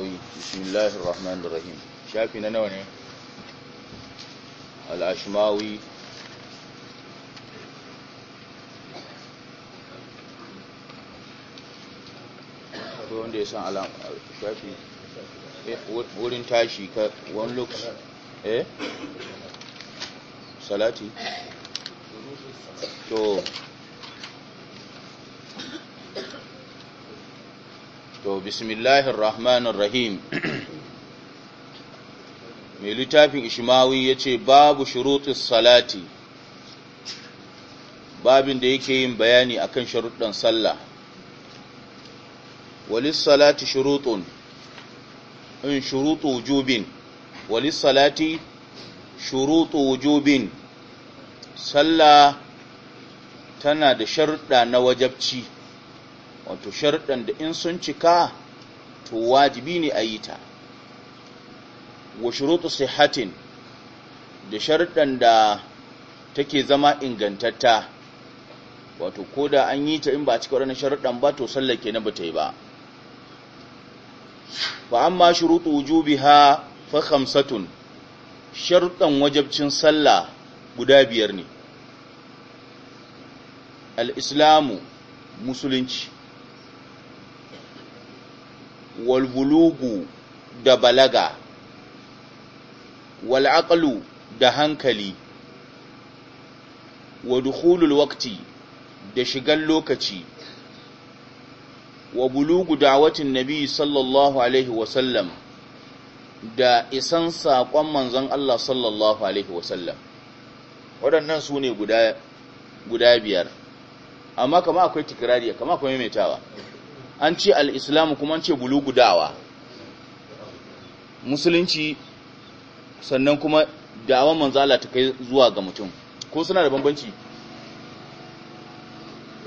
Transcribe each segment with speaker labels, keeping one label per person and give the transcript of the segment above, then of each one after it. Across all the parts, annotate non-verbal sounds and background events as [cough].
Speaker 1: النووي rahim الله الرحمن الرحيم شافي ننوى العشماوي wanda ya san alama shafi wurin tashi ka wani lokaci eh salati to to bismillahir rahmanir rahim [clears throat] mai littafin ishmawi ya ce babu shurutus salati babin da yake yin bayani akan sharuɗan sallah walis salati shurutun in shurutu wujubin walis salati shurutu wujubin sallah tana da sharuɗa na wajabci wato sharɗan da in sun cika to wajibi ne a yi ta wa sihatin da sharɗan da take zama ingantatta wato ko da an yi ta in ba a cika waɗannan sharɗan ba to sallake na ba ta yi ba fa amma shuruɗu ha fa khamsatun sharɗan wajabcin sallah guda biyar ne al-islamu musulunci walbulugu da balaga wal'aƙalu da hankali wa dukhulul waqti da shigan lokaci wa bulugu da'watin nabi sallallahu alaihi wasallam da isan saƙon manzon Allah sallallahu alaihi wasallam waɗannan su ne guda biyar amma kama akwai tikirari kama akwai maimaitawa an ce al'islamu kuma an ce bulugudawa musulunci sannan kuma dawon manzala ta kai zuwa ga mutum ko suna da bambanci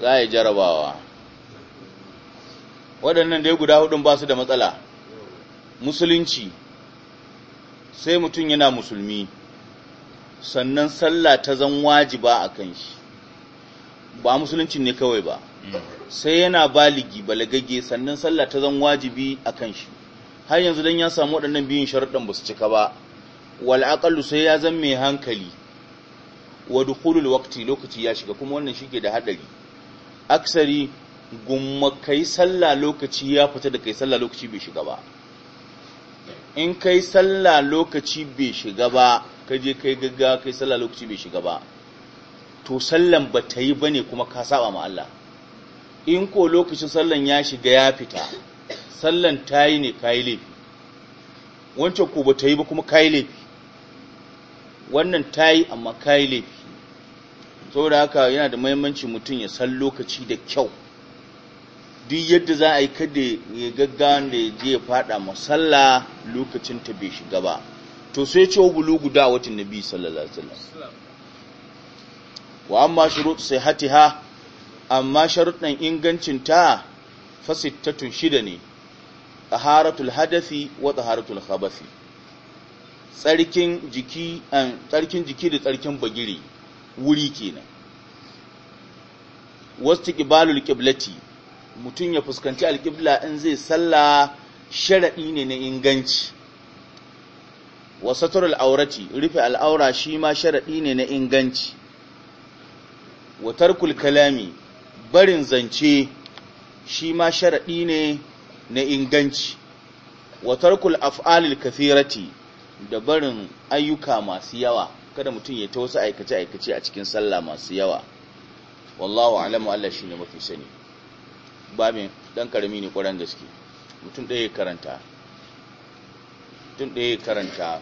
Speaker 1: za a yi jarabawa waɗannan dai guda hudun ba su da matsala musulunci sai mutum yana musulmi sannan sallah ta zan wajiba a kan shi ba musulunci ne kawai ba sai yana baligi balagage sannan sallah ta zan wajibi a kan shi har yanzu don ya samu waɗannan biyun sharuɗan ba su cika ba wal sai ya zan mai hankali wa dukulul wakti lokaci ya shiga kuma wannan shi ke da haɗari aksari gumma kai sallah lokaci ya fita da kai sallah lokaci bai shiga ba in kai sallah lokaci bai shiga ba ka je kai gaggawa kai sallah lokaci bai shiga ba to sallan ba ta yi ne kuma ka saba ma Allah in ko lokacin sallan ya shiga ya fita sallan ta yi ne kayi laifi wancan ko ba ta yi ba kuma kayi laifi wannan ta yi amma kayi laifi saboda haka yana da mahimmanci mutum ya san lokaci da kyau duk yadda za a yi kada ya gagga da ya je ya fada masalla lokacin ta bai shiga ba to sai ce bulu guda watan nabi sallallahu alaihi wasallam wa amma sai hatiha amma sharuɗan ingancin ta fasittatun shida ne taharatul hadasi wa taharatul khabasi tsarkin jiki an eh, tsarkin jiki da tsarkin bagiri wuri kenan ƙibalul kiblati mutum ya fuskanci alƙibla in zai salla sharaɗi ne na inganci wasatarul aurati rufe al'aura shi ma sharaɗi ne na inganci wa tarkul kalami barin zance shi ma sharaɗi ne na inganci Watarkul af'alil kafirati. da barin ayyuka masu yawa kada mutum ya ta wasu aikace aikace a cikin sallah masu yawa wallahu alamu Allah shi ne mafi sani mai ɗan karami ne ƙwarar gaske mutum ɗaya karanta mutum ɗaya karanta